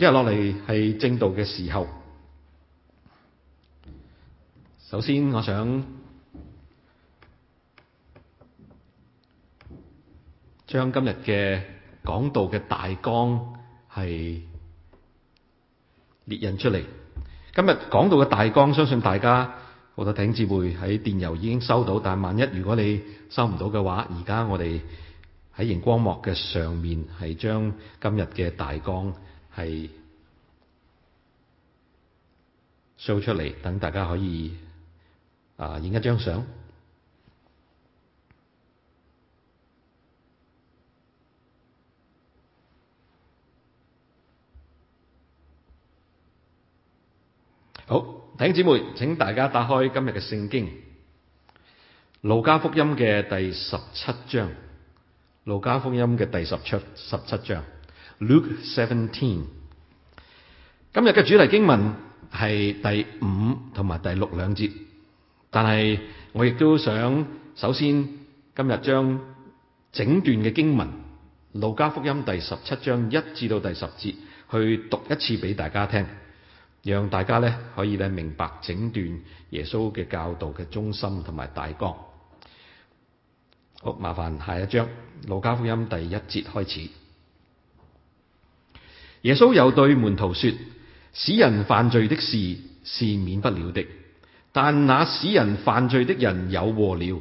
今日落嚟係正道嘅時候，首先我想將今日嘅講道嘅大綱係列印出嚟。今日講道嘅大綱，相信大家好得挺知會喺電郵已經收到，但係萬一如果你收唔到嘅話，而家我哋喺熒光幕嘅上面係將今日嘅大綱。係 show 出嚟，等大家可以啊影一張相。好，弟兄姊妹，請大家打開今日嘅聖經《路加福音》嘅第十七章，《路加福音》嘅第十章十七章。Luke Seventeen。今日嘅主題經文係第五同埋第六兩節，但係我亦都想首先今日將整段嘅經文《路加福音》第十七章一至到第十節去讀一次俾大家聽，讓大家咧可以咧明白整段耶穌嘅教導嘅中心同埋大綱。好，麻煩下一章《路加福音》第一節開始。耶穌又對門徒說：使人犯罪的事是，是免不了的，但那使人犯罪的人有禍了。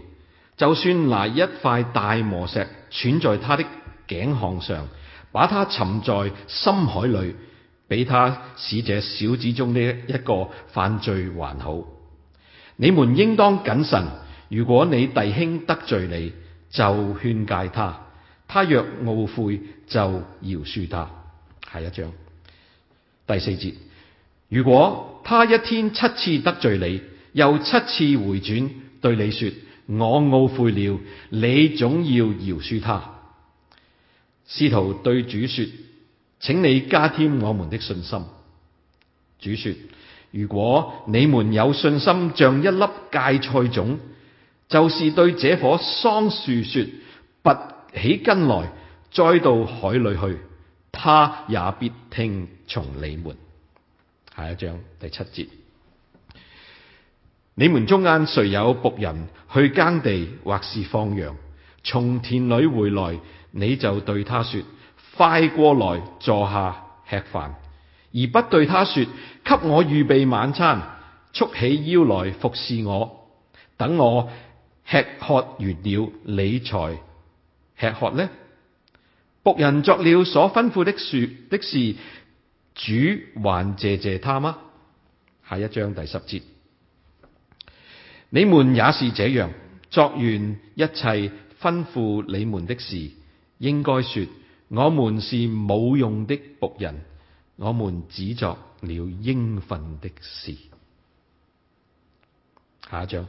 就算拿一塊大磨石穿在他的頸項上，把他沉在深海裏，比他使這小子中的一個犯罪還好。你們應當謹慎，如果你弟兄得罪你，就勸戒他；他若懊悔，就饒恕他。下一章第四節，如果他一天七次得罪你，又七次回轉對你說，我懊悔了，你總要饒恕他。使徒對主說，請你加添我們的信心。主說：如果你們有信心像一粒芥菜種，就是對這棵桑樹說，拔起根來栽到海裏去。他也必聽從你們。下一章第七節：你們中間誰有僕人去耕地或是放羊，從田裏回來，你就對他說：快過來坐下吃飯，而不對他說：給我預備晚餐，束起腰來服侍我，等我吃喝完了，你才吃喝呢？僕人作了所吩咐的說的事，主還謝謝他嗎？下一章第十節，你們也是這樣，作完一切吩咐你們的事，應該說，我們是冇用的僕人，我們只作了應份的事。下一章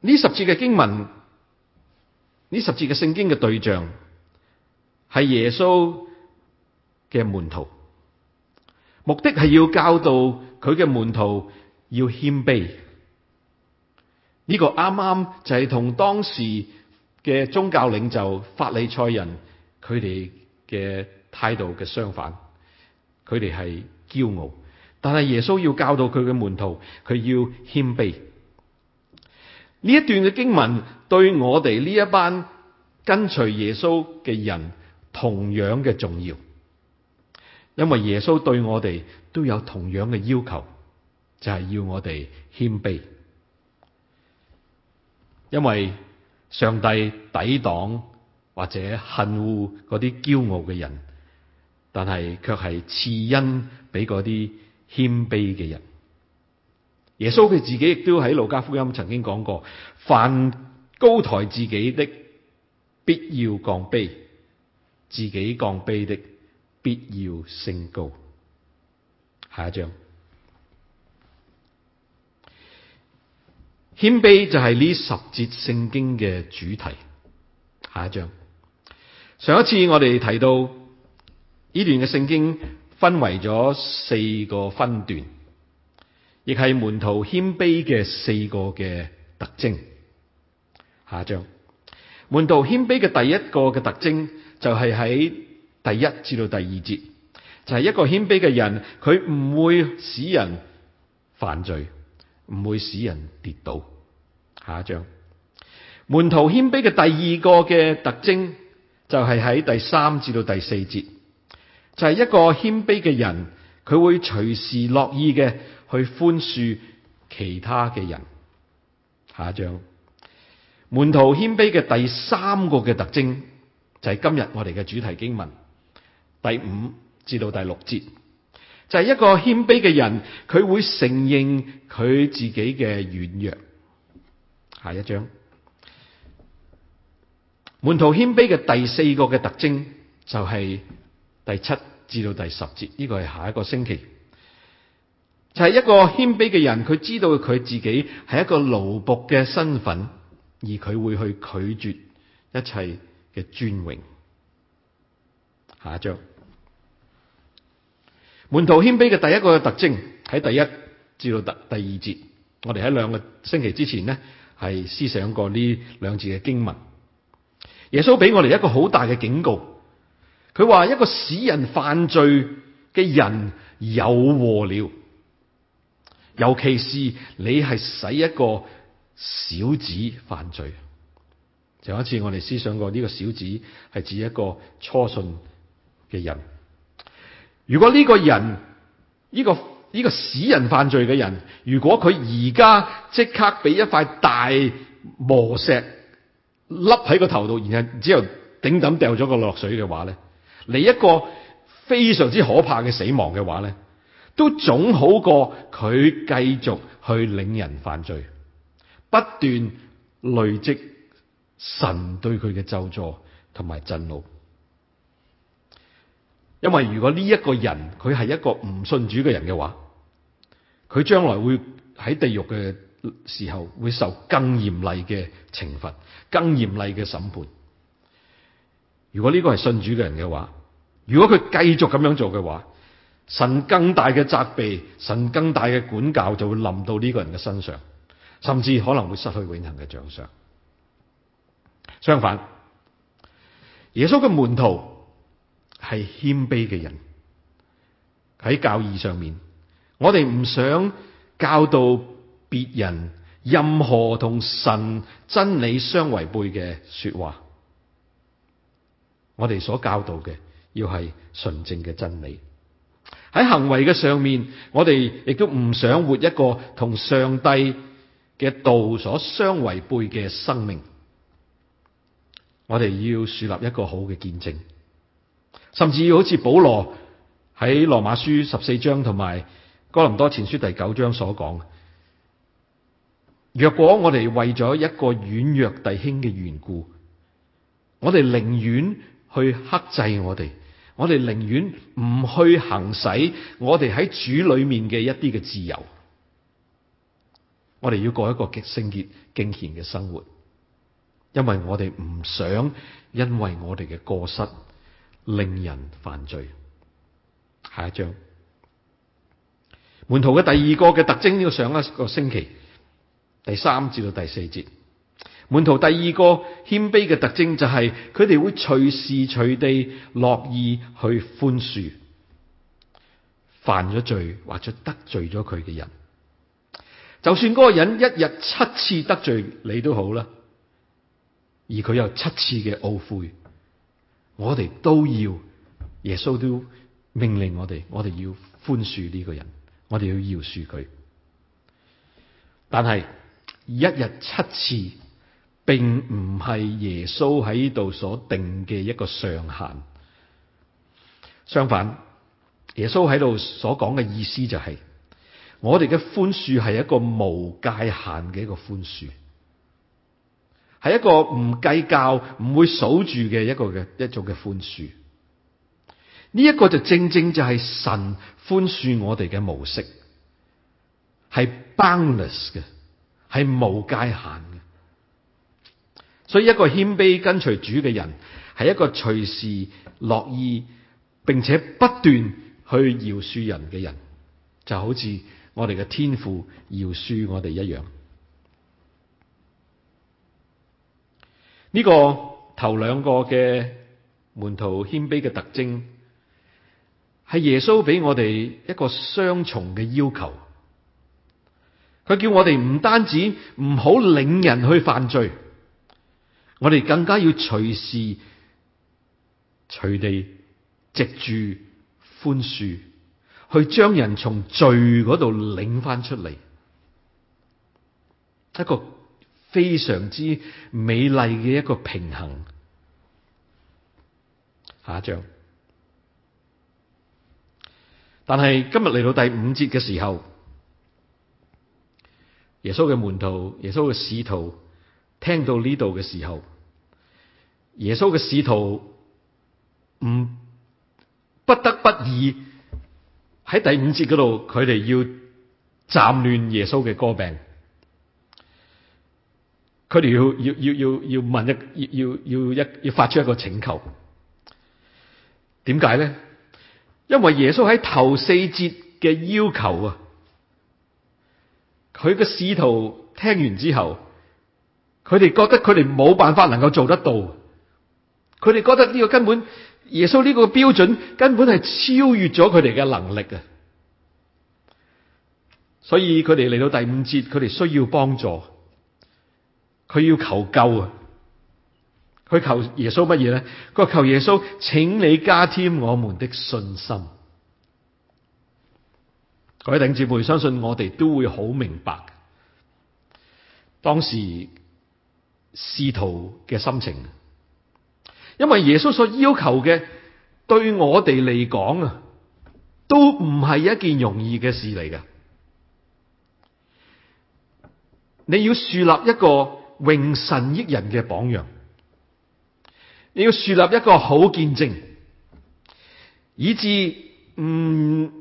呢十節嘅經文。呢十節嘅聖經嘅對象係耶穌嘅門徒，目的係要教導佢嘅門徒要謙卑。呢個啱啱就係同當時嘅宗教領袖法利賽人佢哋嘅態度嘅相反，佢哋係驕傲，但係耶穌要教導佢嘅門徒，佢要謙卑。呢一段嘅經文對我哋呢一班跟隨耶穌嘅人同樣嘅重要，因為耶穌對我哋都有同樣嘅要求，就係要我哋謙卑。因為上帝抵擋或者恨惡啲驕傲嘅人，但係卻係賜恩俾啲謙卑嘅人。耶穌佢自己亦都喺路加福音曾經講過，凡高抬自己的必要降卑，自己降卑的必要升高。下一章，謙卑就係呢十節聖經嘅主題。下一章，上一次我哋提到呢段嘅聖經分為咗四個分段。亦係門徒謙卑嘅四個嘅特徵。下一章，門徒謙卑嘅第一個嘅特徵就係喺第一至到第二節，就係一個謙卑嘅人，佢唔會使人犯罪，唔會使人跌倒。下一章，門徒謙卑嘅第二個嘅特徵就係喺第三至到第四節，就係一個謙卑嘅人。佢會隨時樂意嘅去寬恕其他嘅人。下一章，門徒謙卑嘅第三個嘅特徵就係今日我哋嘅主題經文第五至到第六節，就係一個謙卑嘅人，佢會承認佢自己嘅軟弱。下一章，門徒謙卑嘅第四個嘅特徵就係第七。至到第十節，呢、這個係下一個星期，就係、是、一個謙卑嘅人，佢知道佢自己係一個奴僕嘅身份，而佢會去拒絕一切嘅尊榮。下一章，門徒謙卑嘅第一個特徵喺第一至到第第二節，我哋喺兩個星期之前呢，係思想過呢兩節嘅經文，耶穌俾我哋一個好大嘅警告。佢話一個使人犯罪嘅人有禍了，尤其是你係使一個小子犯罪。就好似我哋思想過呢個小子係指一個初信嘅人。如果呢個人呢、呢個呢、呢個使人犯罪嘅人，如果佢而家即刻俾一塊大磨石笠喺個頭度，然後之後頂枕掉咗個落水嘅話咧，嚟一個非常之可怕嘅死亡嘅話呢，都總好過佢繼續去領人犯罪，不斷累積神對佢嘅咒詛同埋震怒。因為如果呢一個人佢係一個唔信主嘅人嘅話，佢將來會喺地獄嘅時候會受更嚴厲嘅懲罰、更嚴厲嘅審判。如果呢個係信主嘅人嘅話，如果佢繼續咁樣做嘅話，神更大嘅責備、神更大嘅管教就會臨到呢個人嘅身上，甚至可能會失去永恆嘅獎賞。相反，耶穌嘅門徒係謙卑嘅人，喺教義上面，我哋唔想教導別人任何同神真理相違背嘅說話，我哋所教導嘅，要係純正嘅真理，喺行為嘅上面，我哋亦都唔想活一個同上帝嘅道所相違背嘅生命。我哋要樹立一個好嘅見證，甚至好似保羅喺羅馬書十四章同埋哥林多前書第九章所講，若果我哋為咗一個軟弱弟兄嘅緣故，我哋寧願去克制我哋。我哋寧願唔去行使我哋喺主裏面嘅一啲嘅自由，我哋要過一個極聖潔、敬虔嘅生活，因為我哋唔想因為我哋嘅過失令人犯罪。下一章，門徒嘅第二個嘅特徵，要上一個星期第三節到第四節。門徒第二個謙卑嘅特徵就係佢哋會隨時隨地樂意去寬恕犯咗罪或者得罪咗佢嘅人，就算嗰個人一日七次得罪你都好啦，而佢有七次嘅懊悔，我哋都要耶穌都命令我哋，我哋要寬恕呢個人，我哋要饒恕佢，但係一日七次，並唔係耶穌喺度所定嘅一個上限，相反，耶穌喺度所講嘅意思就係，我哋嘅寬恕係一個無界限嘅一個寬恕，係一個唔計較、唔會數住嘅一個嘅一種嘅寬恕。呢一個就正正就係神寬恕我哋嘅模式，係 boundless 嘅，係無界限嘅。所以一個謙卑跟隨主嘅人，係一個隨時樂意並且不斷去饒恕人嘅人，就好似我哋嘅天父饒恕我哋一樣。呢、這個頭兩個嘅門徒謙卑嘅特徵，係耶穌俾我哋一個雙重嘅要求。佢叫我哋唔單止唔好領人去犯罪。我哋更加要隨時、隨地藉住寬恕，去將人從罪嗰度領翻出嚟，一個非常之美麗嘅一個平衡。下一章，但係今日嚟到第五節嘅時候，耶穌嘅門徒，耶穌嘅使徒。聽到呢度嘅時候，耶穌嘅使徒唔不得不以喺第五節嗰度，佢哋要暫亂耶穌嘅歌病，佢哋要要要要要問一要要要一要發出一個請求。點解咧？因為耶穌喺頭四節嘅要求啊，佢嘅使徒聽完之後。佢哋覺得佢哋冇辦法能夠做得到，佢哋覺得呢個根本耶穌呢個標準根本係超越咗佢哋嘅能力啊！所以佢哋嚟到第五節，佢哋需要幫助，佢要求救啊！佢求耶穌乜嘢咧？佢求耶穌，請你加添我們的信心。各位弟兄姊妹，相信我哋都會好明白當時。使徒嘅心情，因為耶穌所要求嘅對我哋嚟講啊，都唔係一件容易嘅事嚟嘅。你要樹立一個榮神益人嘅榜樣，你要樹立一個好見證以，以至唔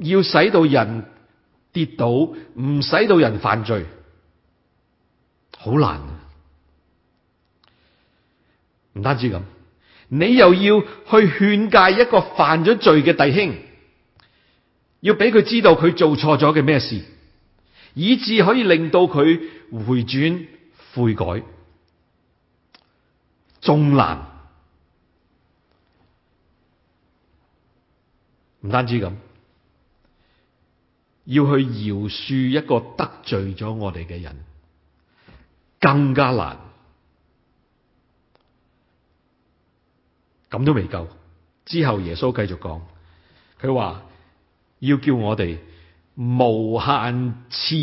要使到人跌倒，唔使到人犯罪，好難，啊。唔單止咁，你又要去勸誡一個犯咗罪嘅弟兄，要俾佢知道佢做錯咗嘅咩事，以致可以令到佢回轉悔改，仲難。唔單止咁，要去饒恕一個得罪咗我哋嘅人，更加難。咁都未夠，之後耶穌繼續講，佢話要叫我哋無限次、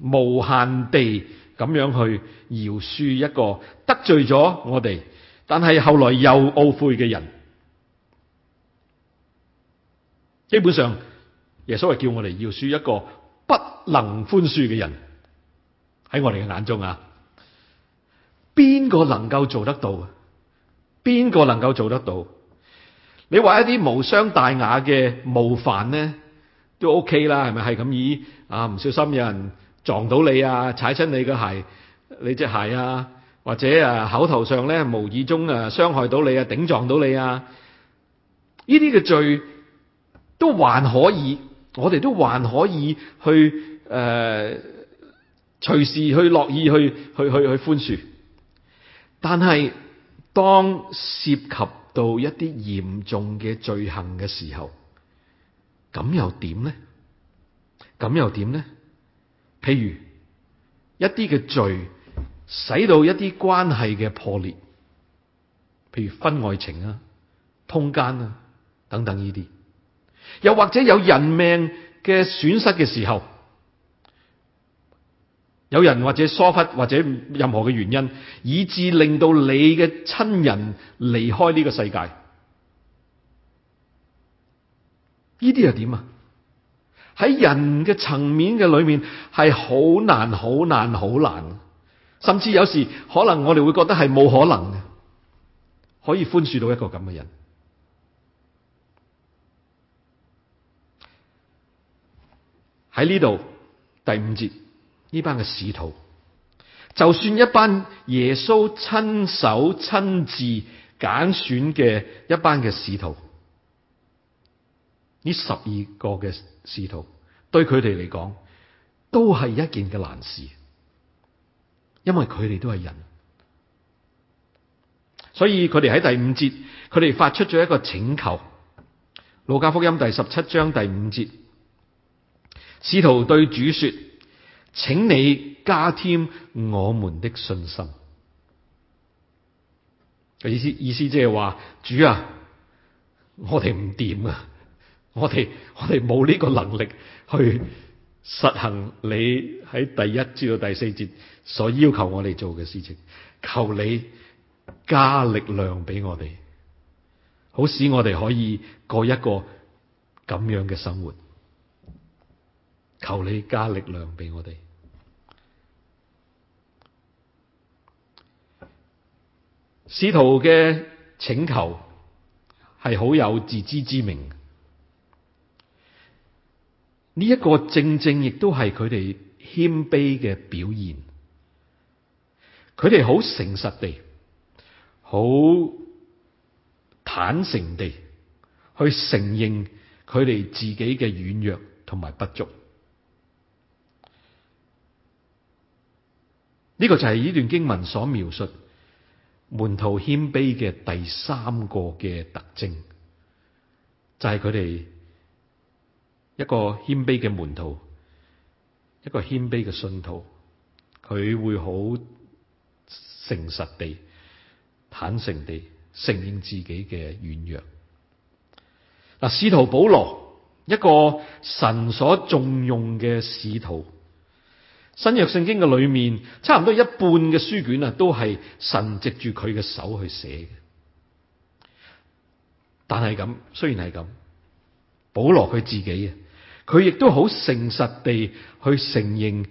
無限地咁樣去饒恕一個得罪咗我哋，但係後來又懊悔嘅人。基本上，耶穌係叫我哋饒恕一個不能寬恕嘅人，喺我哋嘅眼中啊，邊個能夠做得到？啊？邊個能夠做得到？你話一啲無傷大雅嘅冒犯咧，都 OK 啦，係咪？係咁以啊，唔小心有人撞到你啊，踩親你嘅鞋，你隻鞋啊，或者啊口頭上咧，無意中啊傷害到你啊，頂撞到你啊，呢啲嘅罪都還可以，我哋都還可以去誒，隨時去樂意去去去去寬恕，但係。當涉及到一啲嚴重嘅罪行嘅時候，咁又點呢？咁又點呢？譬如一啲嘅罪，使到一啲關係嘅破裂，譬如婚外情啊、通奸啊等等呢啲，又或者有人命嘅損失嘅時候。有人或者疏忽或者任何嘅原因，以致令到你嘅親人離開呢個世界，呢啲又點啊？喺人嘅層面嘅裏面係好難、好難、好難，甚至有時可能我哋會覺得係冇可能嘅，可以寬恕到一個咁嘅人。喺呢度第五節。呢班嘅使徒，就算一班耶穌親手親自揀選嘅一班嘅使徒，呢十二個嘅使徒，對佢哋嚟講都係一件嘅難事，因為佢哋都係人，所以佢哋喺第五節，佢哋發出咗一個請求。路加福音第十七章第五節，使徒對主說。請你加添我們的信心。嘅意思意思，即係話，主啊，我哋唔掂啊，我哋我哋冇呢個能力去實行你喺第一至到第四節所要求我哋做嘅事情，求你加力量俾我哋，好使我哋可以過一個咁樣嘅生活。求你加力量俾我哋。使徒嘅請求係好有自知之明，呢、這、一個正正亦都係佢哋謙卑嘅表現。佢哋好誠實地、好坦誠地去承認佢哋自己嘅軟弱同埋不足。呢、這個就係呢段經文所描述。門徒謙卑嘅第三個嘅特徵，就係佢哋一個謙卑嘅門徒，一個謙卑嘅信徒，佢會好誠實地、坦誠地承認自己嘅軟弱。嗱，使徒保羅一個神所重用嘅使徒。新約聖經嘅裏面，差唔多一半嘅書卷啊，都係神藉住佢嘅手去寫嘅。但係咁，雖然係咁，保羅佢自己啊，佢亦都好誠實地去承認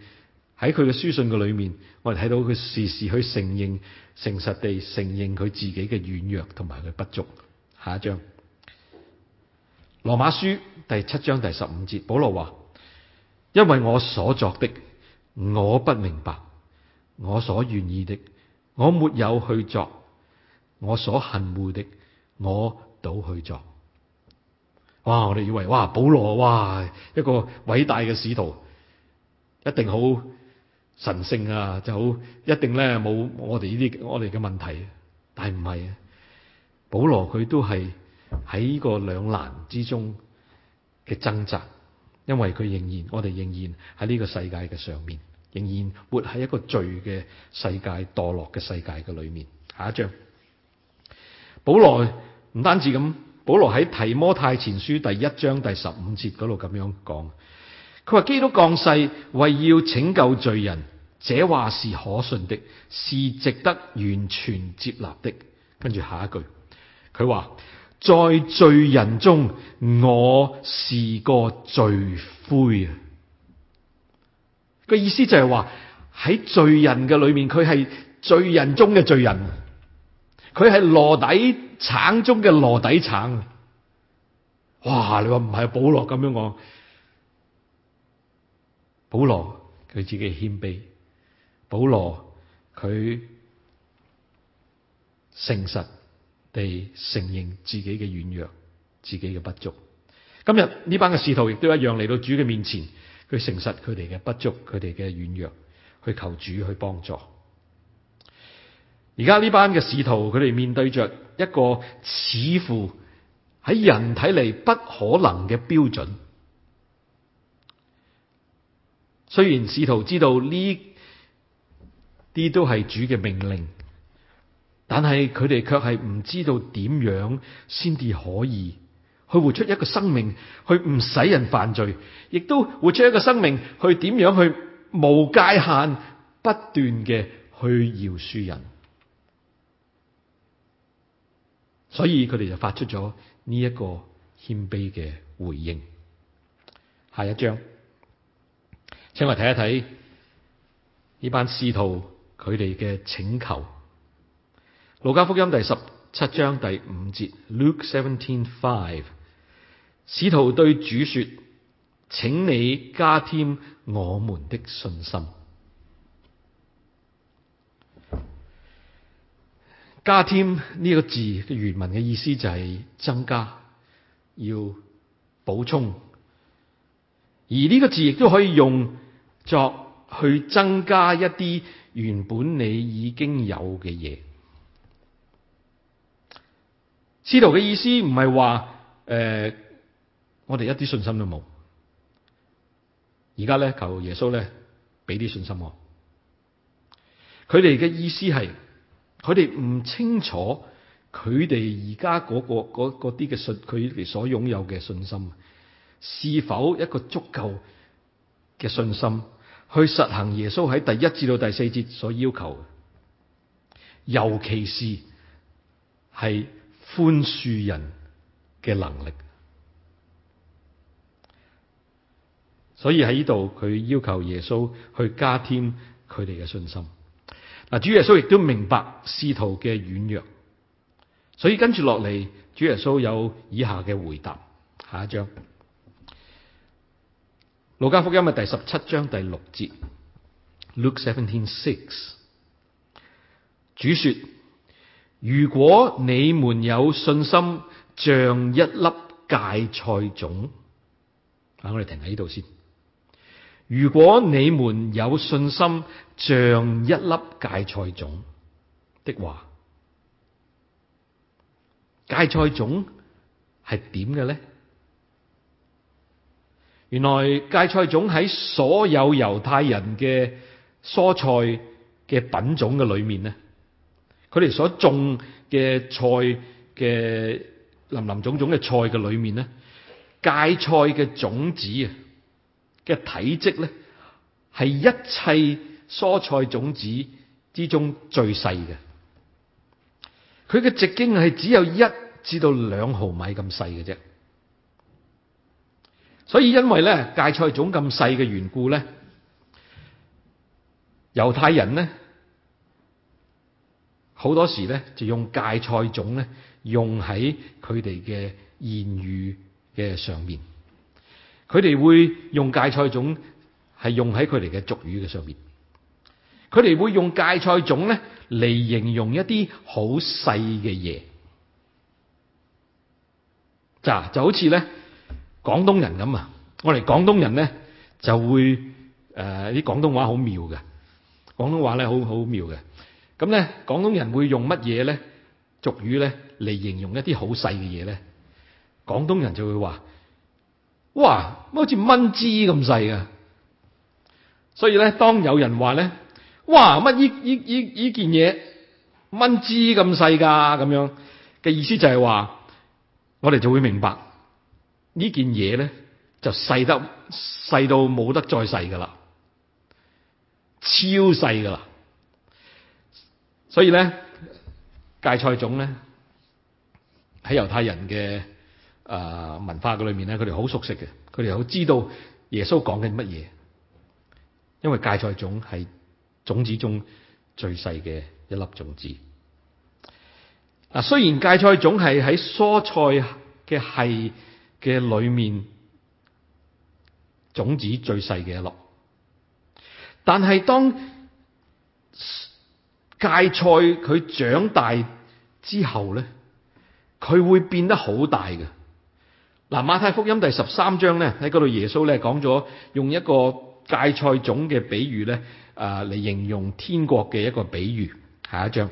喺佢嘅書信嘅裏面，我哋睇到佢時時去承認、誠實地承認佢自己嘅軟弱同埋佢不足。下一章，羅馬書第七章第十五節，保羅話：因為我所作的。我不明白，我所願意的，我沒有去作；我所恨惡的，我都去作。哇！我哋以為，哇！保羅，哇！一個偉大嘅使徒，一定好神聖啊，就好一定咧冇我哋呢啲我哋嘅問題，啊，但係唔係啊！保羅佢都係喺呢個兩難之中嘅掙扎。因為佢仍然，我哋仍然喺呢個世界嘅上面，仍然活喺一個罪嘅世界，墮落嘅世界嘅裏面。下一章，保羅唔單止咁，保羅喺提摩太前書第一章第十五節嗰度咁樣講，佢話基督降世為要拯救罪人，這話是可信的，是值得完全接納的。跟住下一句，佢話。在罪人中，我是個罪魁啊！個意思就係話喺罪人嘅裏面，佢係罪人中嘅罪人，佢係籮底橙中嘅籮底橙。哇！你話唔係保羅咁樣講？保羅佢自己謙卑，保羅佢誠實。哋承認自己嘅軟弱、自己嘅不足。今日呢班嘅使徒亦都一樣嚟到主嘅面前，去誠實佢哋嘅不足、佢哋嘅軟弱，去求主去幫助。而家呢班嘅使徒，佢哋面對着一個似乎喺人睇嚟不可能嘅標準。雖然使徒知道呢啲都係主嘅命令。但係佢哋卻係唔知道點樣先至可以去活出一個生命，去唔使人犯罪，亦都活出一個生命，去點樣去無界限不斷嘅去饒恕人。所以佢哋就發出咗呢一個謙卑嘅回應。下一章，請我睇一睇呢班師徒佢哋嘅請求。路加福音第十七章第五節，Luke Seventeen Five，使徒對主說：“請你加添我們的信心。”加添呢個字嘅原文嘅意思就係增加，要補充。而呢個字亦都可以用作去增加一啲原本你已經有嘅嘢。使徒嘅意思唔係話誒，我哋一啲信心都冇，而家咧求耶穌咧俾啲信心我。佢哋嘅意思係，佢哋唔清楚佢哋而家嗰個啲嘅信，佢哋所擁有嘅信心是否一個足夠嘅信心去實行耶穌喺第一至到第四節所要求嘅，尤其是係。寬恕人嘅能力，所以喺呢度佢要求耶穌去加添佢哋嘅信心。嗱，主耶穌亦都明白使徒嘅軟弱，所以跟住落嚟，主耶穌有以下嘅回答。下一章《路加福音》嘅第十七章第六節，Luke 17:6，主說。如果你們有信心像一粒芥菜種，啊，我哋停喺呢度先。如果你們有信心像一粒芥菜種的話，芥菜種係點嘅呢？原來芥菜種喺所有猶太人嘅蔬菜嘅品種嘅裏面呢。佢哋所種嘅菜嘅林林種種嘅菜嘅裏面呢，芥菜嘅種子啊嘅體積咧係一切蔬菜種子之中最細嘅。佢嘅直徑係只有一至到兩毫米咁細嘅啫。所以因為咧芥菜種咁細嘅緣故咧，猶太人咧。好多時咧，就用芥菜種咧，用喺佢哋嘅言語嘅上面。佢哋會用芥菜種，係用喺佢哋嘅俗語嘅上面。佢哋會用芥菜種咧嚟形容一啲好細嘅嘢。嗱，就好似咧廣東人咁啊，我哋廣東人咧就會誒啲廣東話好妙嘅，廣東話咧好好妙嘅。咁咧，廣東人會用乜嘢咧？俗語咧嚟形容一啲好細嘅嘢咧，廣東人就會話，哇，乜好似蚊枝咁細㗎！所以咧，當有人話咧，哇，乜依依依依件嘢蚊枝咁細㗎？咁樣嘅意思就係話，我哋就會明白件呢件嘢咧就細得細到冇得再細㗎啦，超細㗎啦！所以咧芥菜種咧喺猶太人嘅啊、呃、文化嘅裏面咧，佢哋好熟悉嘅，佢哋好知道耶穌講緊乜嘢，因為芥菜種係種子中最細嘅一粒種子。嗱，雖然芥菜種係喺蔬菜嘅係嘅裏面種子最細嘅一粒，但係當。芥菜佢長大之後咧，佢會變得好大嘅。嗱，馬太福音第十三章咧喺度耶穌咧講咗用一個芥菜種嘅比喻咧，誒嚟形容天國嘅一個比喻。下一章，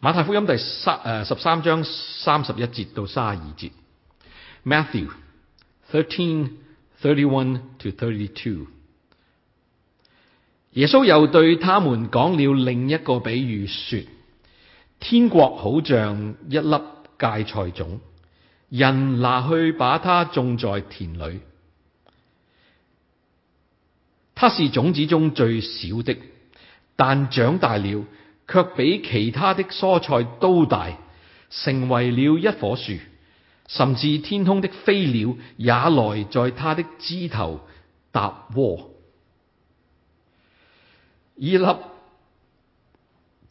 馬太福音第三誒十三章三十一節到卅二節，Matthew thirteen thirty one to thirty two。32. 耶穌又對他們講了另一個比喻，說：天國好像一粒芥菜種，人拿去把它種在田裡。它是種子中最小的，但長大了却比其他的蔬菜都大，成為了一棵樹，甚至天空的飛鳥也來在它的枝頭搭窩。依粒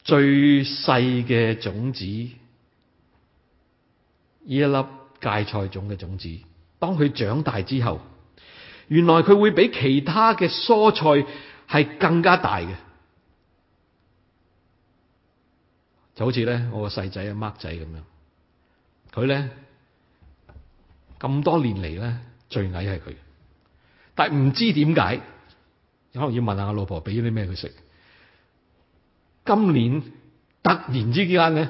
最細嘅種子，依一粒芥菜種嘅種子，當佢長大之後，原來佢會比其他嘅蔬菜係更加大嘅，就好似咧我個細仔啊 Mark 仔咁樣，佢咧咁多年嚟咧最矮係佢，但係唔知點解。可能要問下我老婆俾啲咩佢食？今年突然之間咧，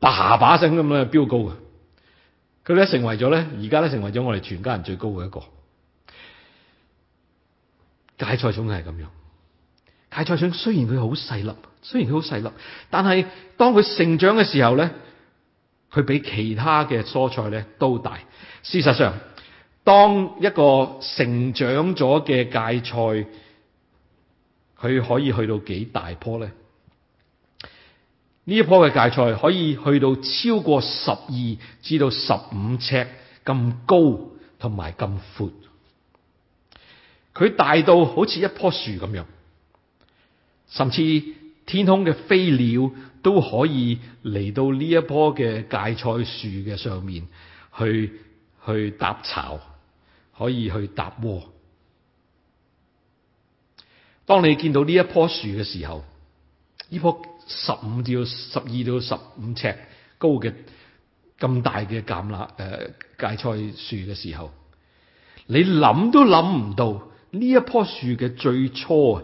爸把聲咁樣飆高嘅，佢咧成為咗咧,而家咧成為咗我哋全家人最高嘅一個芥菜種係咁樣。芥菜種雖然佢好細粒，雖然佢好細粒，但係當佢成長嘅時候咧，佢比其他嘅蔬菜咧都大。事實上。當一個成長咗嘅芥菜，佢可以去到幾大棵咧？呢一棵嘅芥菜可以去到超過十二至到十五尺咁高，同埋咁闊。佢大到好似一棵樹咁樣，甚至天空嘅飛鳥都可以嚟到呢一棵嘅芥菜樹嘅上面去去搭巢，可以去搭窩。當你見到呢一棵樹嘅時候，呢棵十五到十二到十五尺高嘅咁大嘅橄欖誒芥菜樹嘅時候，你諗都諗唔到呢一棵樹嘅最初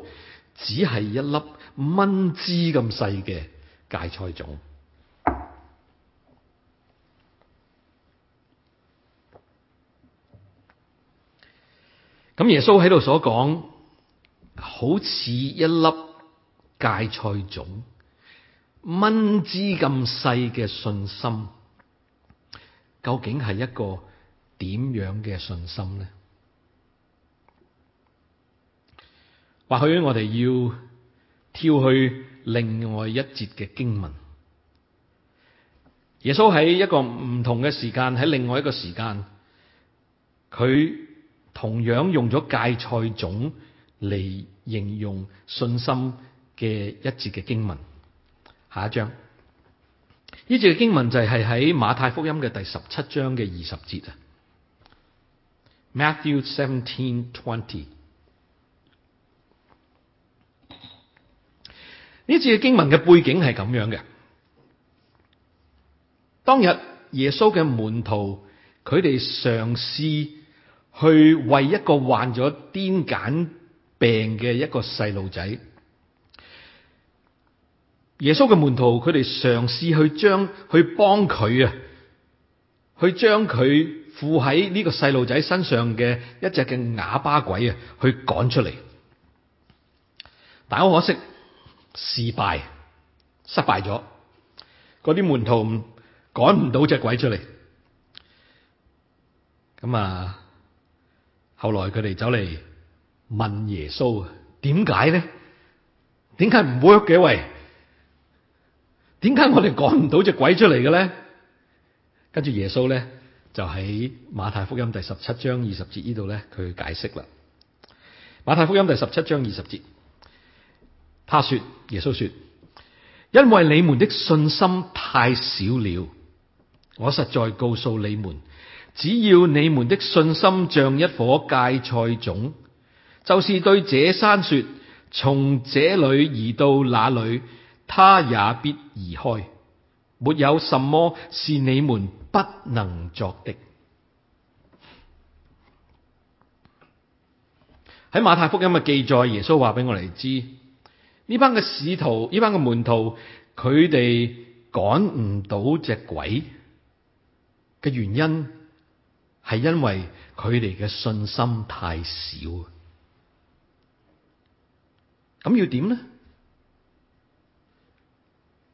只係一粒蚊滋咁細嘅芥菜種。咁耶穌喺度所講，好似一粒芥菜種，蚊滋咁細嘅信心，究竟係一個點樣嘅信心呢？或許我哋要跳去另外一節嘅經文。耶穌喺一個唔同嘅時間，喺另外一個時間，佢。同樣用咗芥菜種嚟形容信心嘅一節嘅經文，下一章呢節嘅經文就係喺馬太福音嘅第十七章嘅二十節啊。Matthew seventeen twenty 呢節嘅經文嘅背景係咁樣嘅，當日耶穌嘅門徒佢哋嘗試。去為一個患咗癲癇病嘅一個細路仔，耶穌嘅門徒佢哋嘗試去將去幫佢啊，去將佢附喺呢個細路仔身上嘅一隻嘅啞巴鬼啊，去趕出嚟，但係好可惜，事敗，失敗咗，嗰啲門徒趕唔到隻鬼出嚟，咁啊。後來佢哋走嚟問耶穌啊，點解呢？點解唔 work 嘅？喂，點解我哋趕唔到隻鬼出嚟嘅呢？跟住耶穌咧，就喺馬太福音第十七章二十節呢度咧，佢解釋啦。馬太福音第十七章二十節，他說：耶穌說，因為你們的信心太少了，我實在告訴你們。只要你們的信心像一粒芥菜種，就是對這山說：從這裏移到那裏，他也必移開。沒有什麼是你們不能作的。喺馬太福音嘅記載，耶穌話俾我哋知，呢班嘅使徒、呢班嘅門徒，佢哋趕唔到隻鬼嘅原因。係因為佢哋嘅信心太少，咁要點呢？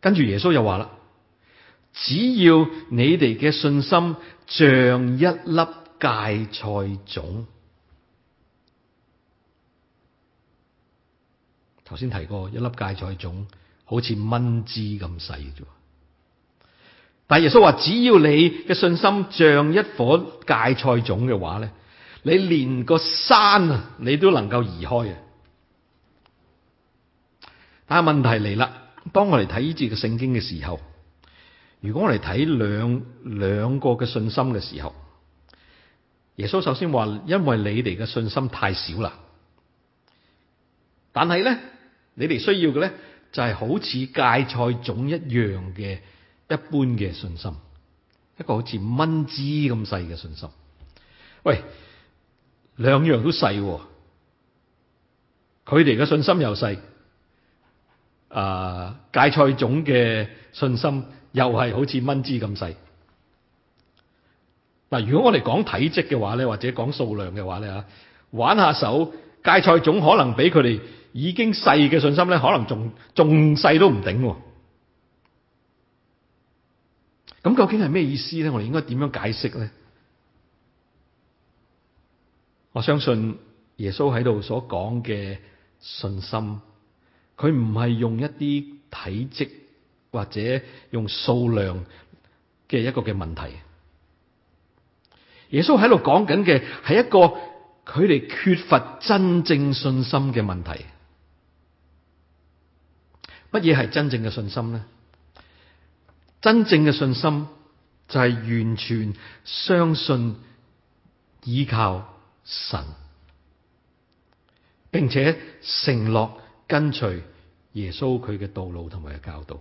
跟住耶穌又話啦，只要你哋嘅信心像一粒芥菜種，頭先提過一粒芥菜種好似蚊子咁細啫。但耶穌話，只要你嘅信心像一顆芥菜種嘅話咧，你連個山啊，你都能夠移開啊！但係問題嚟啦，當我哋睇呢節嘅聖經嘅時候，如果我哋睇兩兩個嘅信心嘅時候，耶穌首先話，因為你哋嘅信心太少啦，但係咧，你哋需要嘅咧就係好似芥菜種一樣嘅。一般嘅信心，一個好似蚊枝咁細嘅信心。喂，兩樣都細，啊，佢哋嘅信心又細。啊，芥菜種嘅信心又係好似蚊枝咁細。嗱，如果我哋講體積嘅話咧，或者講數量嘅話咧吓，玩下手芥菜種可能比佢哋已經細嘅信心咧，可能仲仲細都唔頂。咁究竟係咩意思咧？我哋應該點樣解釋咧？我相信耶穌喺度所講嘅信心，佢唔係用一啲體積或者用數量嘅一個嘅問題。耶穌喺度講緊嘅係一個佢哋缺乏真正信心嘅問題。乜嘢係真正嘅信心咧？真正嘅信心就係完全相信依靠神，並且承諾跟隨耶穌佢嘅道路同埋嘅教導。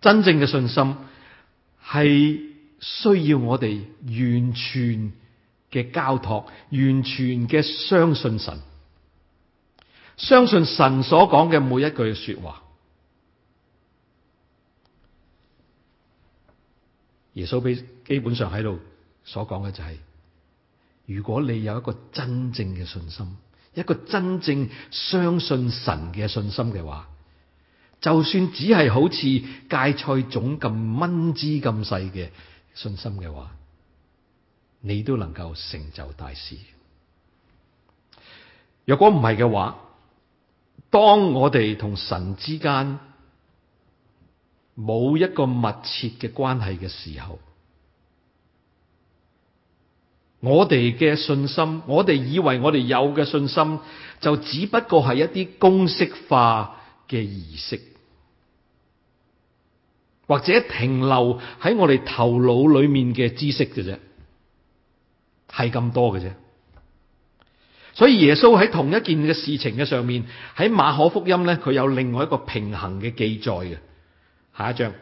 真正嘅信心係需要我哋完全嘅交託，完全嘅相信神，相信神所講嘅每一句說話。耶穌基基本上喺度所講嘅就係、是，如果你有一個真正嘅信心，一個真正相信神嘅信心嘅話，就算只係好似芥菜種咁蚊枝咁細嘅信心嘅話，你都能夠成就大事。如果唔係嘅話，當我哋同神之間。冇一個密切嘅關係嘅時候，我哋嘅信心，我哋以為我哋有嘅信心，就只不過係一啲公式化嘅儀式，或者停留喺我哋頭腦裏面嘅知識嘅啫，係咁多嘅啫。所以耶穌喺同一件嘅事情嘅上面，喺馬可福音呢，佢有另外一個平衡嘅記載嘅。下一章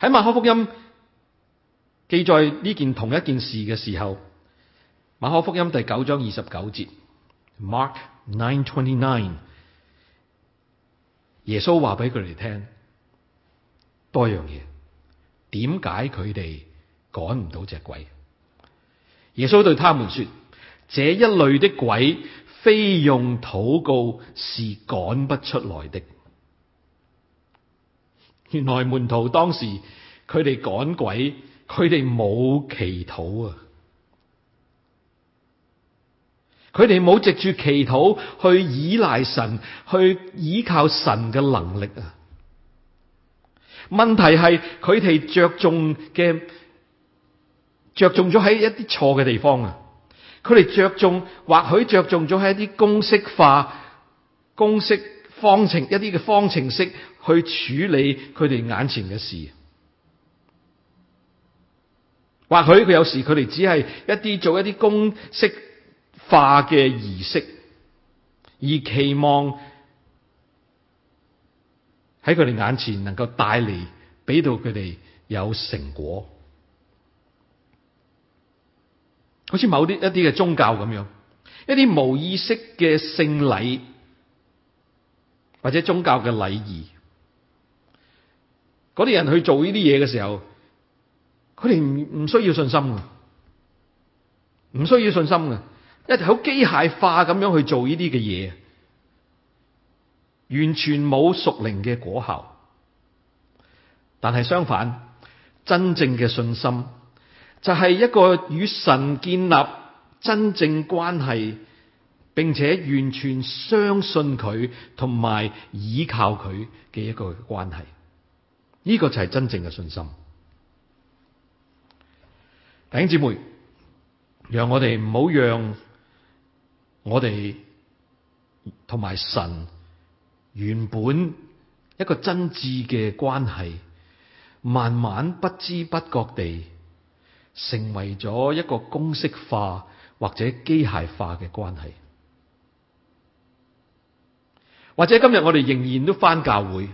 喺馬可福音記載呢件同一件事嘅時候，馬可福音第九章二十九節，Mark nine twenty nine，耶穌話俾佢哋聽多樣嘢，點解佢哋趕唔到隻鬼？耶穌對他們說：這一類的鬼，非用禱告是趕不出來的。原來門徒當時佢哋趕鬼，佢哋冇祈禱啊！佢哋冇藉住祈禱去依賴神，去依靠神嘅能力啊！問題係佢哋着重嘅着重咗喺一啲錯嘅地方啊！佢哋着重，或許着重咗喺一啲公式化、公式方程、一啲嘅方程式。去處理佢哋眼前嘅事，或許佢有時佢哋只係一啲做一啲公式化嘅儀式，而期望喺佢哋眼前能夠帶嚟、俾到佢哋有成果，好似某啲一啲嘅宗教咁樣，一啲無意識嘅聖禮或者宗教嘅禮儀。嗰啲人去做呢啲嘢嘅時候，佢哋唔唔需要信心，唔需要信心噶，一係好機械化咁樣去做呢啲嘅嘢，完全冇屬靈嘅果效。但係相反，真正嘅信心就係一個與神建立真正關係，並且完全相信佢同埋倚靠佢嘅一個關係。呢個就係真正嘅信心，弟兄姊妹，讓我哋唔好讓我哋同埋神原本一個真摯嘅關係，慢慢不知不覺地成為咗一個公式化或者機械化嘅關係，或者今日我哋仍然都返教會。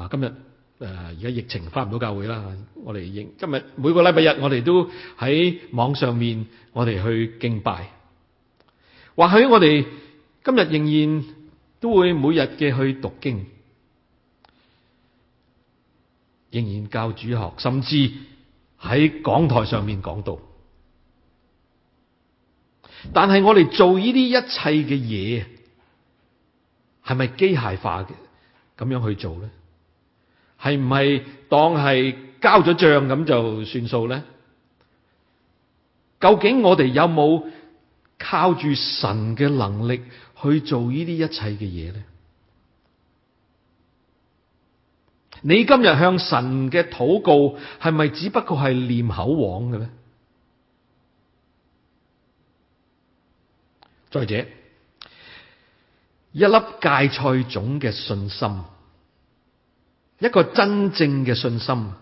嗱，今日誒而家疫情翻唔到教會啦，我哋應今日每個禮拜日，我哋都喺網上面，我哋去敬拜。或許我哋今日仍然都會每日嘅去讀經，仍然教主學，甚至喺講台上面講道。但係我哋做呢啲一切嘅嘢，係咪機械化嘅咁樣去做咧？係唔係當係交咗賬咁就算數呢？究竟我哋有冇靠住神嘅能力去做呢啲一切嘅嘢呢？你今日向神嘅禱告係咪只不過係念口簧嘅呢？再者，一粒芥菜種嘅信心。一個真正嘅信心，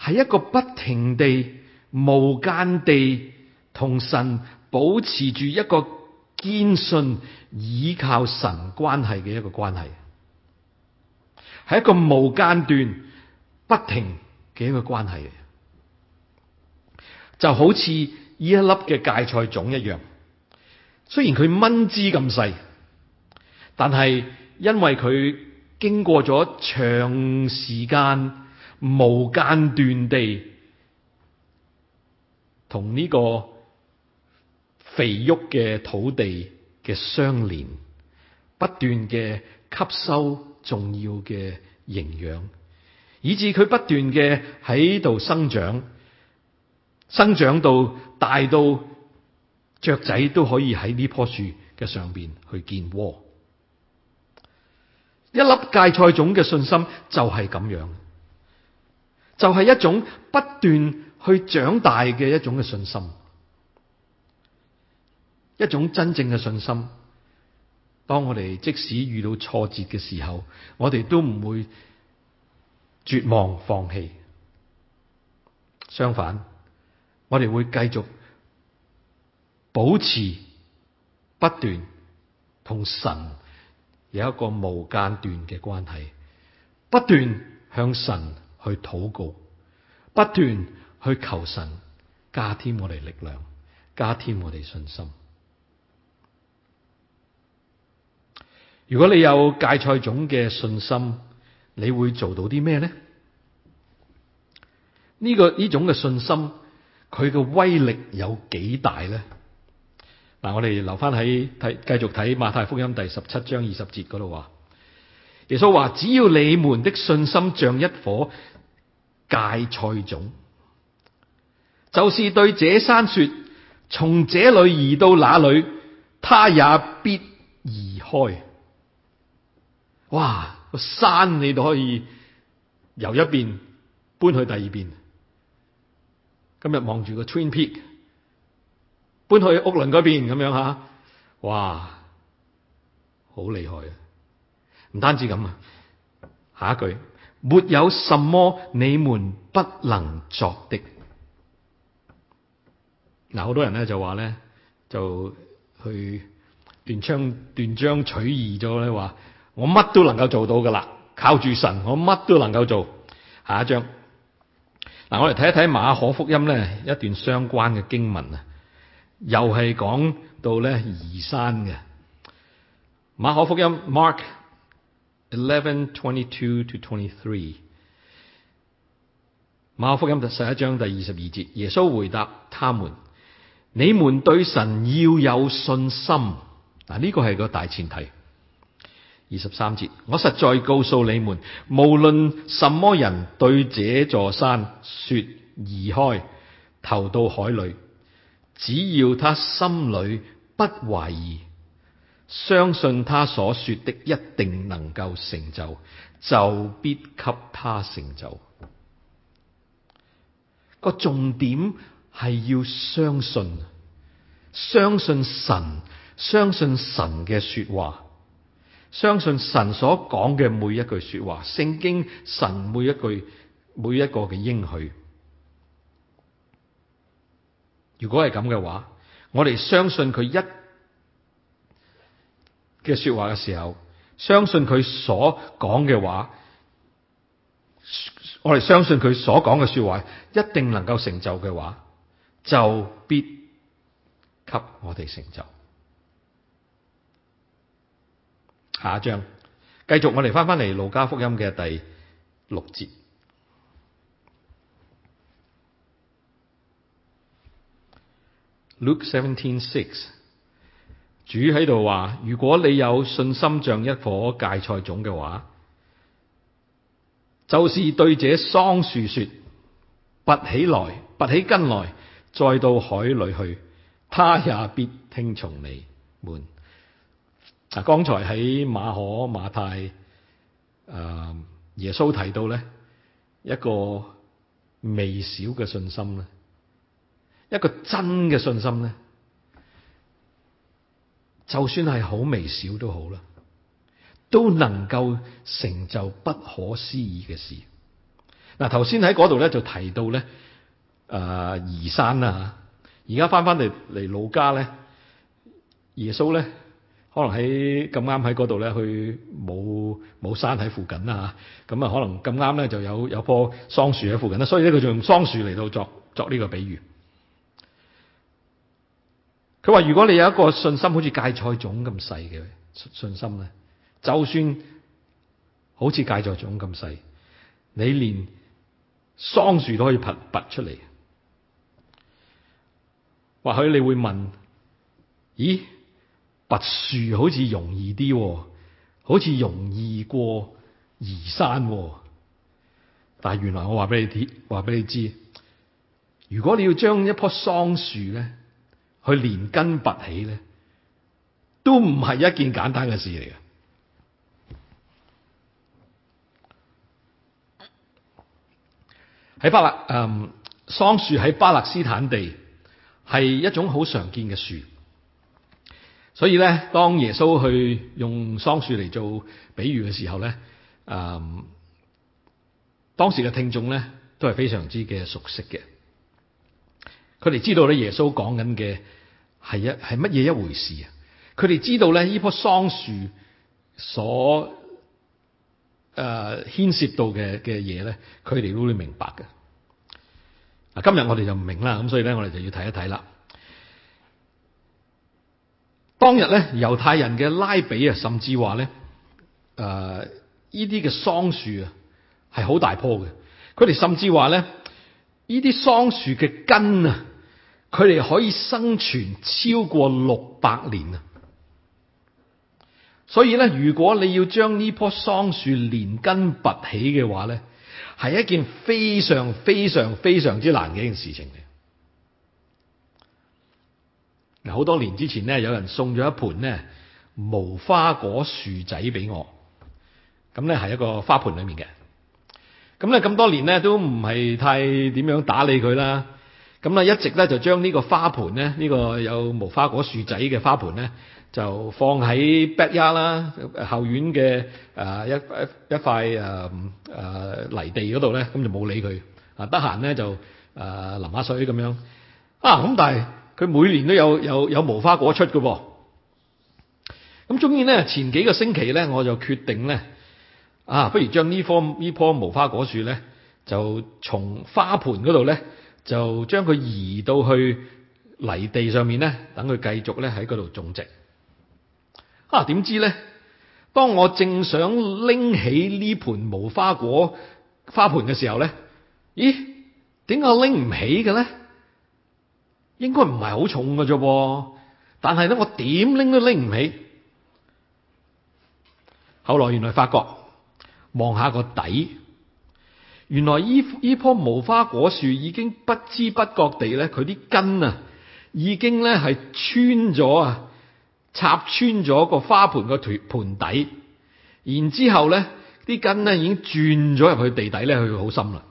係一個不停地、無間地同神保持住一個堅信、倚靠神關係嘅一個關係，係一個無間斷、不停嘅一個關係，就好似呢一粒嘅芥菜種一樣，雖然佢蚊螆咁細，但係因為佢。經過咗長時間無間斷地同呢個肥沃嘅土地嘅相連，不斷嘅吸收重要嘅營養，以至佢不斷嘅喺度生長，生長到大到雀仔都可以喺呢棵樹嘅上邊去建窩。一粒芥菜種嘅信心就係咁樣，就係一種不斷去長大嘅一種嘅信心，一種真正嘅信心。當我哋即使遇到挫折嘅時候，我哋都唔會絕望放棄，相反，我哋會繼續保持不斷同神。有一個無間斷嘅關係，不斷向神去禱告，不斷去求神加添我哋力量，加添我哋信心。如果你有芥菜種嘅信心，你會做到啲咩呢？呢個呢種嘅信心，佢嘅威力有幾大咧？嗱，我哋留翻喺睇，繼續睇馬太福音第十七章二十節嗰度話，耶穌話：只要你們的信心像一顆芥菜種，就是對這山說：從這裏移到那裏，他也必移開。哇，個山你都可以由一邊搬去第二邊。今日望住個 Twin Peak。搬去屋鄰嗰邊咁樣吓，哇，好厲害啊！唔單止咁啊，下一句，沒有什麼你們不能作的。嗱，好多人咧就話咧，就去斷章斷章取義咗咧，話我乜都能夠做到噶啦，靠住神，我乜都能夠做。下一章嗱，我哋睇一睇馬可福音咧一段相關嘅經文啊。又係講到咧移山嘅馬可福音 Mark Eleven Twenty Two to Twenty Three 馬可福音第十一章第二十二節，耶穌回答他們：你們對神要有信心。嗱，呢個係個大前提。二十三節，我實在告訴你們，無論什麼人對這座山說移開，投到海裏。只要他心裏不懷疑，相信他所說的一定能夠成就，就必給他成就。個重點係要相信，相信神，相信神嘅說話，相信神所講嘅每一句說話，聖經神每一句每一個嘅應許。如果係咁嘅話，我哋相信佢一嘅說話嘅時候，相信佢所講嘅話，我哋相信佢所講嘅說話一定能夠成就嘅話，就必給我哋成就。下一章，繼續我哋翻返嚟路加福音嘅第六節。Luke seventeen six，主喺度話：如果你有信心像一棵芥菜種嘅話，就是對這桑樹說：拔起來，拔起根來，再到海裏去，他也必聽從你們。啊，剛才喺馬可、馬太，誒、呃，耶穌提到咧一個微小嘅信心咧。一個真嘅信心咧，就算係好微小都好啦，都能夠成就不可思議嘅事。嗱，頭先喺嗰度咧就提到咧，誒、呃，移山啦吓。而家翻翻嚟嚟老家咧，耶穌咧可能喺咁啱喺嗰度咧，去冇冇山喺附近啦吓。咁啊，可能咁啱咧就有有棵桑樹喺附近啦，所以咧佢就用桑樹嚟到作作呢個比喻。佢話：如果你有一個信心，好似芥菜種咁細嘅信心咧，就算好似芥菜種咁細，你連桑樹都可以拔拔出嚟。或許你會問：咦，拔樹好似容易啲，好似容易過移山。但係原來我話俾你知，話俾你知，如果你要將一棵桑樹咧。去連根拔起咧，都唔係一件簡單嘅事嚟嘅。喺巴勒，嗯、呃，桑樹喺巴勒斯坦地係一種好常見嘅樹，所以咧，當耶穌去用桑樹嚟做比喻嘅時候咧，嗯、呃，當時嘅聽眾咧都係非常之嘅熟悉嘅，佢哋知道咧耶穌講緊嘅。係一係乜嘢一回事啊？佢哋知道咧，呢棵桑樹所誒牽涉到嘅嘅嘢咧，佢哋都會明白嘅。嗱，今日我哋就唔明啦，咁所以咧，我哋就要睇一睇啦。當日咧，猶太人嘅拉比啊，甚至話咧，誒、呃，呢啲嘅桑樹啊，係好大棵嘅。佢哋甚至話咧，呢啲桑樹嘅根啊。佢哋可以生存超過六百年啊！所以咧，如果你要將呢棵桑樹連根拔起嘅話咧，係一件非常非常非常之難嘅一件事情嚟。好多年之前咧，有人送咗一盆咧無花果樹仔俾我，咁咧係一個花盆裏面嘅。咁咧咁多年咧都唔係太點樣打理佢啦。咁啊，一直咧就將呢個花盆咧，呢、呢個有無花果樹仔嘅花盆咧，就放喺 backyard 啦，誒後院嘅啊一一一塊誒誒泥地嗰度咧，咁就冇理佢。啊，得閒咧就誒淋下水咁樣。啊，咁但係佢每年都有有有無花果出嘅噃、啊。咁終於咧，前幾個星期咧，我就決定咧，啊，不如將呢棵呢棵無花果樹咧，就從花盆嗰度咧。就將佢移到去泥地上面咧，等佢繼續咧喺嗰度種植。啊，點知咧？當我正想拎起呢盆無花果花盆嘅時候咧，咦？點解我拎唔起嘅咧？應該唔係好重嘅啫噃，但係咧我點拎都拎唔起。後來原來發覺，望下個底。原來依依棵無花果樹已經不知不覺地咧，佢啲根啊，已經咧係穿咗啊，插穿咗個花盆個盆底，然之後咧啲根咧已經轉咗入去地底咧，佢好深啦，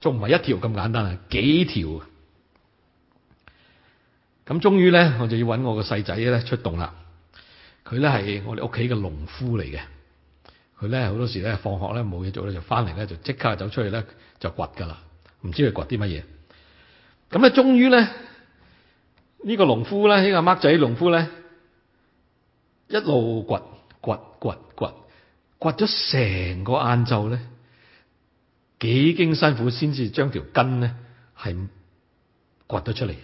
仲唔係一條咁簡單啊，幾條，咁終於咧我就要揾我個細仔咧出動啦，佢咧係我哋屋企嘅農夫嚟嘅。佢咧好多時咧放學咧冇嘢做咧就翻嚟咧就即刻走出去咧就掘㗎喇，唔知佢掘啲乜嘢。咁咧，終於咧呢個農夫咧呢個麥仔農夫咧一路掘掘掘掘掘咗成個晏晝咧幾經辛苦先至將條根咧係掘得出嚟。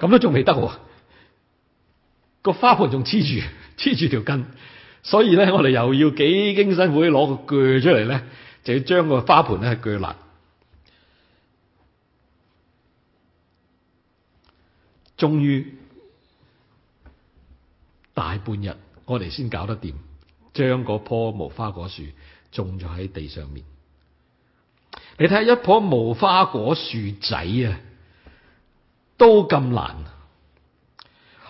咁都仲未得，個花盆仲黐住。黐住條筋，所以咧，我哋又要幾經辛苦攞個鋸出嚟咧，就要將個花盆咧鋸爛。終於大半日，我哋先搞得掂，將嗰棵無花果樹種咗喺地上面。你睇下，一棵無花果樹仔啊，都咁難。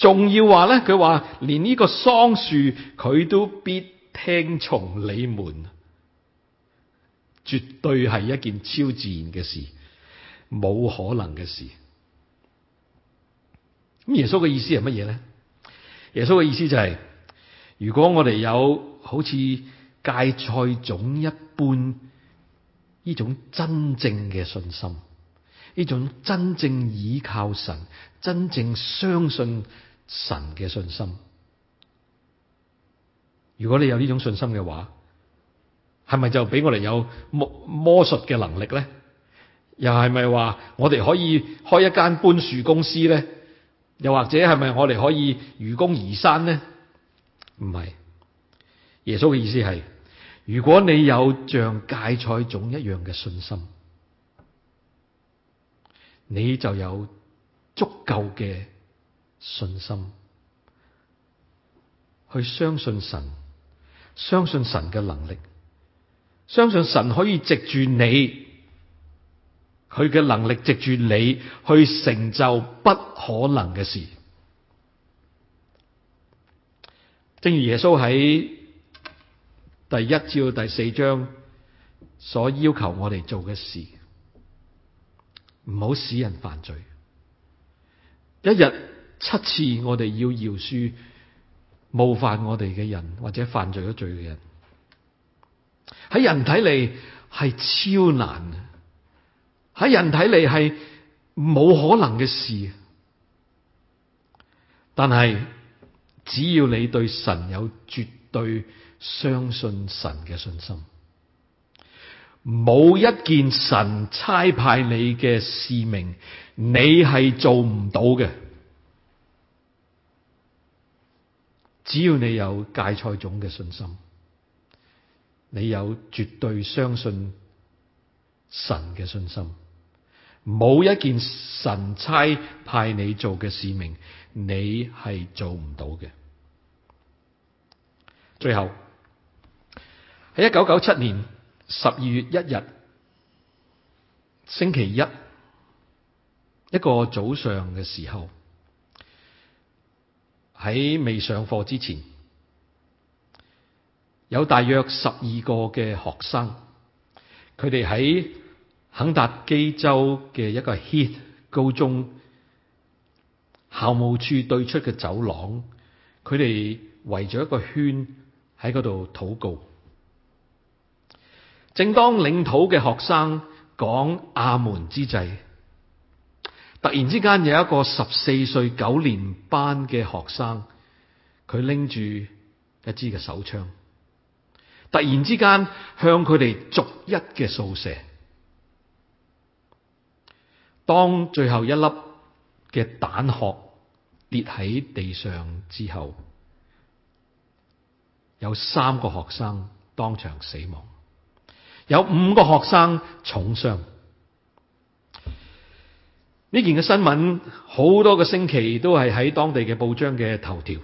仲要話咧？佢話，連呢個桑樹，佢都必聽從你們，絕對係一件超自然嘅事，冇可能嘅事。咁耶穌嘅意思係乜嘢咧？耶穌嘅意思就係，如果我哋有好似芥菜種一般呢種真正嘅信心，呢種真正依靠神、真正相信，神嘅信心，如果你有呢種信心嘅話，係咪就俾我哋有魔魔術嘅能力咧？又係咪話我哋可以開一間搬樹公司咧？又或者係咪我哋可以愚公移山咧？唔係，耶穌嘅意思係，如果你有像芥菜種一樣嘅信心，你就有足夠嘅。信心，去相信神，相信神嘅能力，相信神可以藉住你佢嘅能力，藉住你去成就不可能嘅事。正如耶穌喺第一至到第四章所要求我哋做嘅事，唔好使人犯罪。一日。七次，我哋要饒恕冒犯我哋嘅人或者犯罪咗罪嘅人，喺人睇嚟係超難，喺人睇嚟係冇可能嘅事。但係只要你對神有絕對相信神嘅信心，冇一件神差派你嘅使命，你係做唔到嘅。只要你有芥菜種嘅信心，你有絕對相信神嘅信心，冇一件神差派你做嘅使命，你係做唔到嘅。最後喺一九九七年十二月一日星期一，一個早上嘅時候。喺未上課之前，有大約十二個嘅學生，佢哋喺肯達基州嘅一個 hit 高中校務處對出嘅走廊，佢哋圍咗一個圈喺嗰度禱告。正當領禱嘅學生講阿門之際，突然之間有一個十四歲九年班嘅學生，佢拎住一支嘅手槍，突然之間向佢哋逐一嘅掃射。當最後一粒嘅彈殼跌喺地上之後，有三個學生當場死亡，有五個學生重傷。呢件嘅新聞好多個星期都係喺當地嘅報章嘅頭條，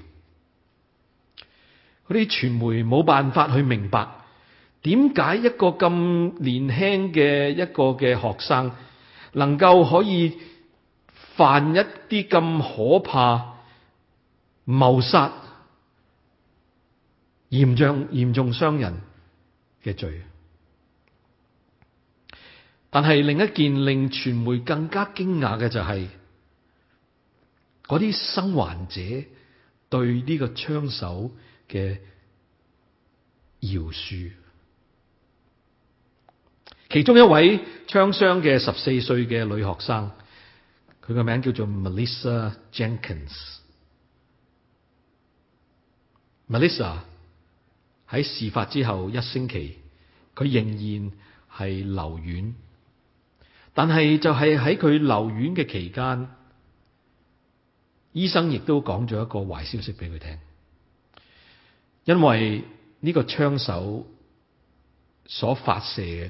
嗰啲傳媒冇辦法去明白點解一個咁年輕嘅一個嘅學生能夠可以犯一啲咁可怕，謀殺嚴重嚴重傷人嘅罪。但係另一件令傳媒更加驚訝嘅就係，啲生還者對呢個槍手嘅饒恕。其中一位槍傷嘅十四歲嘅女學生，佢個名叫做 Melissa Jenkins。Melissa 喺事發之後一星期，佢仍然係留院。但係就係喺佢留院嘅期間，醫生亦都講咗一個壞消息俾佢聽，因為呢個槍手所發射嘅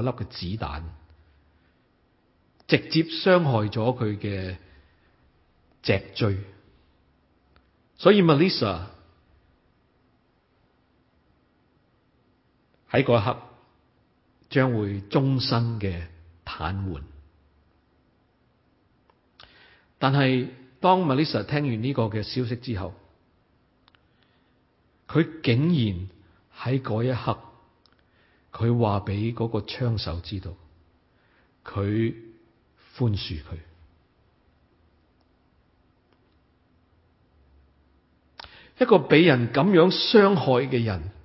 粒嘅子彈，直接傷害咗佢嘅脊椎，所以 Melissa 喺嗰一刻將會終身嘅癱瘓，但係當 Melissa 聽完呢個嘅消息之後，佢竟然喺嗰一刻，佢話俾嗰個槍手知道，佢寬恕佢一個俾人咁樣傷害嘅人。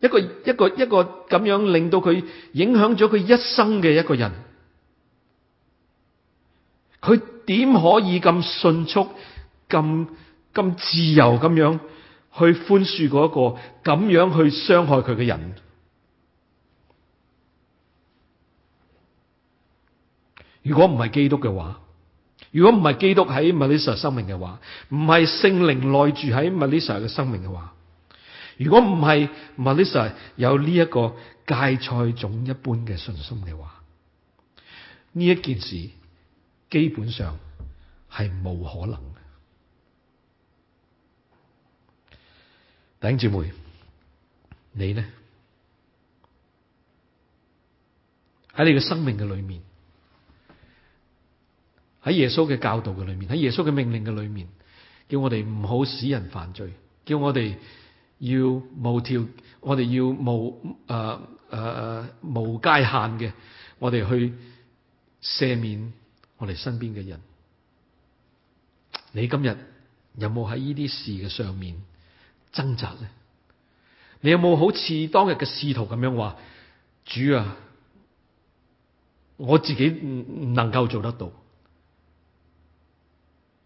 一個一個一個咁樣令到佢影響咗佢一生嘅一個人，佢點可以咁迅速，咁咁自由咁樣去寬恕一個咁樣去傷害佢嘅人？如果唔係基督嘅話，如果唔係基督喺 Melissa 生命嘅話，唔係聖靈內住喺 Melissa 嘅生命嘅話。如果唔係 Melissa 有呢一個芥菜種一般嘅信心嘅話，呢一件事基本上係冇可能嘅。弟兄姊妹，你呢？喺你嘅生命嘅裏面，喺耶穌嘅教導嘅裏面，喺耶穌嘅命令嘅裏面，叫我哋唔好使人犯罪，叫我哋。要無條，我哋要無誒誒、呃呃、無界限嘅，我哋去赦免我哋身邊嘅人。你今日有冇喺呢啲事嘅上面掙扎咧？你有冇好似當日嘅使徒咁樣話：主啊，我自己唔能夠做得到，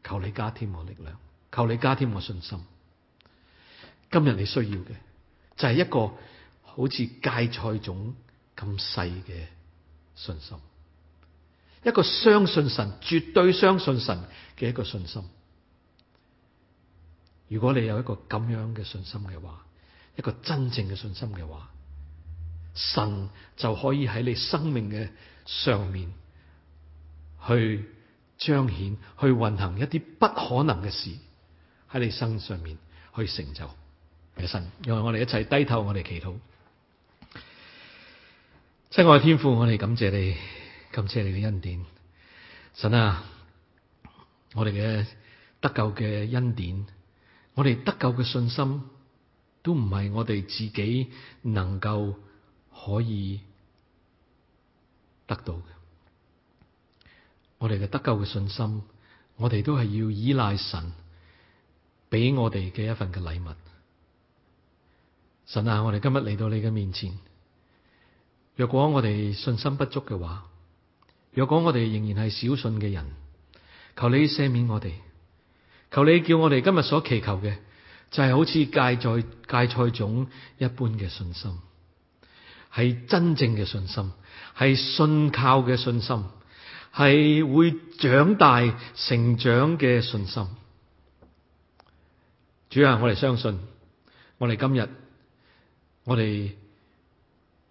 求你加添我力量，求你加添我信心。今日你需要嘅就係一個好似芥菜種咁細嘅信心，一個相信神、絕對相信神嘅一個信心。如果你有一個咁樣嘅信心嘅話，一個真正嘅信心嘅話，神就可以喺你生命嘅上面去彰顯、去運行一啲不可能嘅事喺你身上面去成就。神。因為我哋一齊低頭，我哋祈禱。親愛天父，我哋感謝你，感謝你嘅恩典。神啊，我哋嘅得救嘅恩典，我哋得救嘅信心，都唔係我哋自己能夠可以得到嘅。我哋嘅得救嘅信心，我哋都係要依賴神俾我哋嘅一份嘅禮物。神啊，我哋今日嚟到你嘅面前。若果我哋信心不足嘅話，若果我哋仍然係小信嘅人，求你赦免我哋。求你叫我哋今日所祈求嘅，就係、是、好似芥菜芥菜種一般嘅信心，係真正嘅信心，係信靠嘅信心，係會長大成長嘅信心。主啊，我哋相信，我哋今日。我哋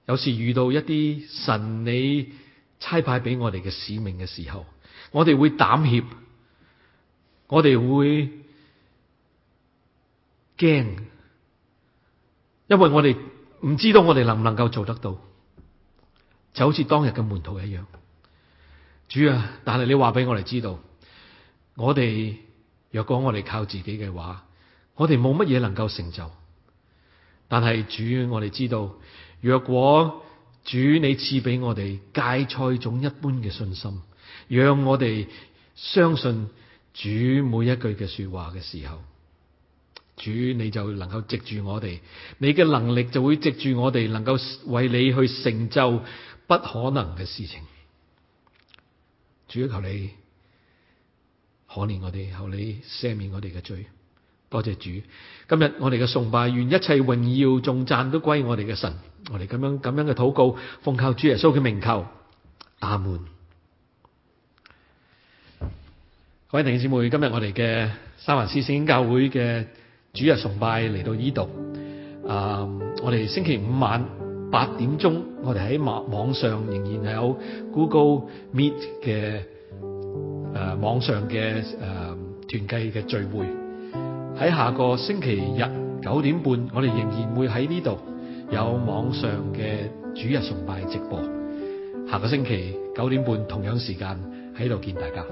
有時遇到一啲神你差派俾我哋嘅使命嘅時候，我哋會膽怯，我哋會驚，因為我哋唔知道我哋能唔能夠做得到，就好似當日嘅門徒一樣。主啊，但係你話俾我哋知道，我哋若果我哋靠自己嘅話，我哋冇乜嘢能夠成就。但係主，我哋知道，若果主你賜俾我哋芥菜種一般嘅信心，讓我哋相信主每一句嘅說話嘅時候，主你就能夠藉住我哋，你嘅能力就會藉住我哋，能夠為你去成就不可能嘅事情。主，求你可憐我哋，求你赦免我哋嘅罪。多謝主，今日我哋嘅崇拜，願一切榮耀、頌讚都歸我哋嘅神。我哋咁樣咁樣嘅禱告，奉靠主耶穌嘅名求，阿門。各位弟兄姊妹，今日我哋嘅三藩市聖經教會嘅主日崇拜嚟到呢度。啊、呃，我哋星期五晚八點鐘，我哋喺網網上仍然係有 Google Meet 嘅誒、呃、網上嘅誒、呃、團契嘅聚會。喺下個星期日九點半，我哋仍然會喺呢度有網上嘅主日崇拜直播。下個星期九點半同樣時間，喺度見大家。